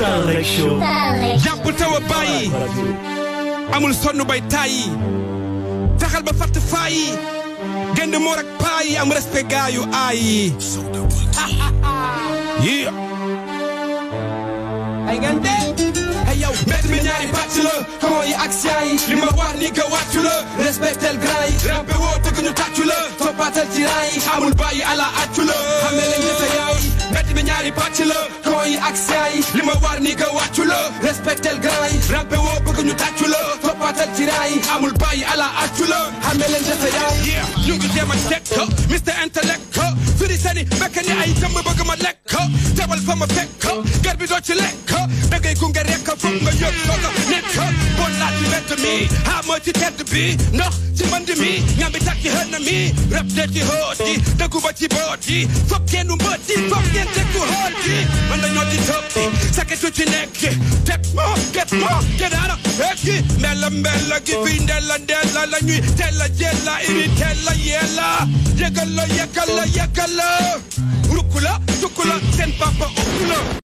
Taal rek show jàpp taw a bàyyi amul sonn bay taayi taxal ba fatt faayi gend moor ak paayi am respect gaayu aayi yi ay gande ay ñaari pàcc la xamoo yi ak siyaay li ma wax ni ka wàccu la respectel grand yi woo tëgg ñu tàccu la toppaatal ci raay amul bàyyi ala accu la xamee lañ ne yaay mbedd mi ñaari pàcc la yi ak saa yi li ma war ni nga wàccu la respectel grand yi rappe bëgg ñu tàccu la toppaatal ci raa amul bàyyi ala accu la xamee leen dasa yaay ñu ngi jéem a Mr Intellect ko firi sani fekk ni ay jëmb bëgg ma lekk ko tebal fa ma fekk ko gar ci lekk da ngay gunge rek ko nga yëg me. How much it had to be? No, ci man di mi. Ñambi tak ci hën na mi. Rap de ci hoot ji. Dëggu ba ci boot ji. Fop kenn du mbët ji. Fop kenn I ku hoot ji. Man la ñoo di topp ji. Sakke get more. get out of here. ji. Mela mela gi fi ndela ndela la nuit, tella, jela iri, tella, yella, Yegala yegala yegala. Rukula, tukula, sen papa okula.